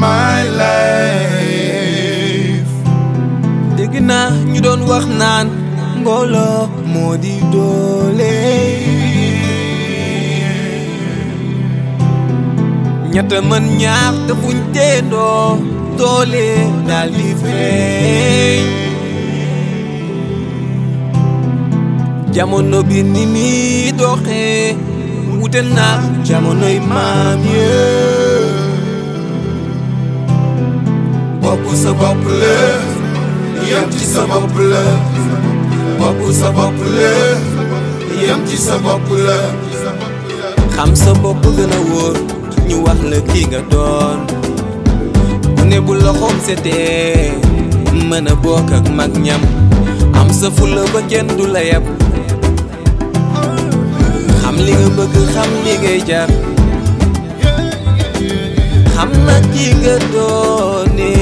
my oh, dégg naa ñu doon wax naan ngóoloo moo di doole. ñett mën ñaar te fuñ teendoo doole daal di feeñ. jamono bi ni mi doxee. wute naa jamonoy maam yee bopp sa bopp ci sa bopp la bopp ci sa bopp la xam gën a wóor ñu wax la kii doon ku ne bu loxoom setee mën a bokk ak mag ñam am sa fulla ba kenn du la xam li nga bëgg xam li ngay jar na ki nga doone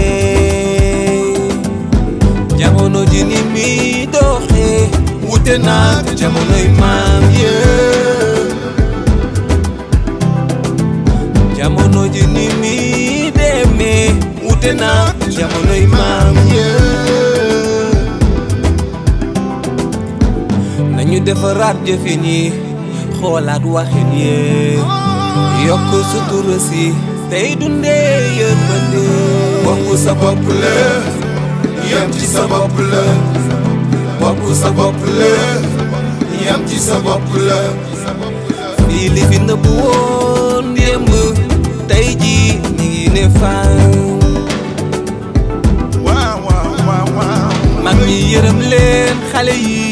ji ni mi doxee wute naak jamonoy maam yë jamono ji ni mi demee wute naak jamonoy maam yë nañu defaraat jëfin yi xoolaat waxin yee yokk sutura si tey dundee yërmande bopp sa bopp la yam ci sa bopp la bopp sa bopp la yam ci sa bopp la fii fi nëbb woon démb tey ji ngi ne fan mag ñi yërëm leen xale yi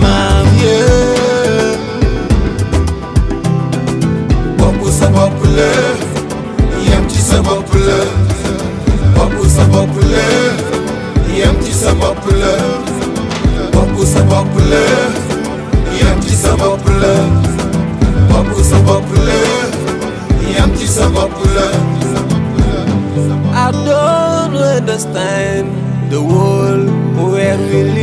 sa bopp la yem ci sa bopp la bopp sa bopp la yem ci sa bopp la bopp sa bopp la yem ci sa bopp la bopp sa bopp la yem ci sa bopp la I don't understand the world where we live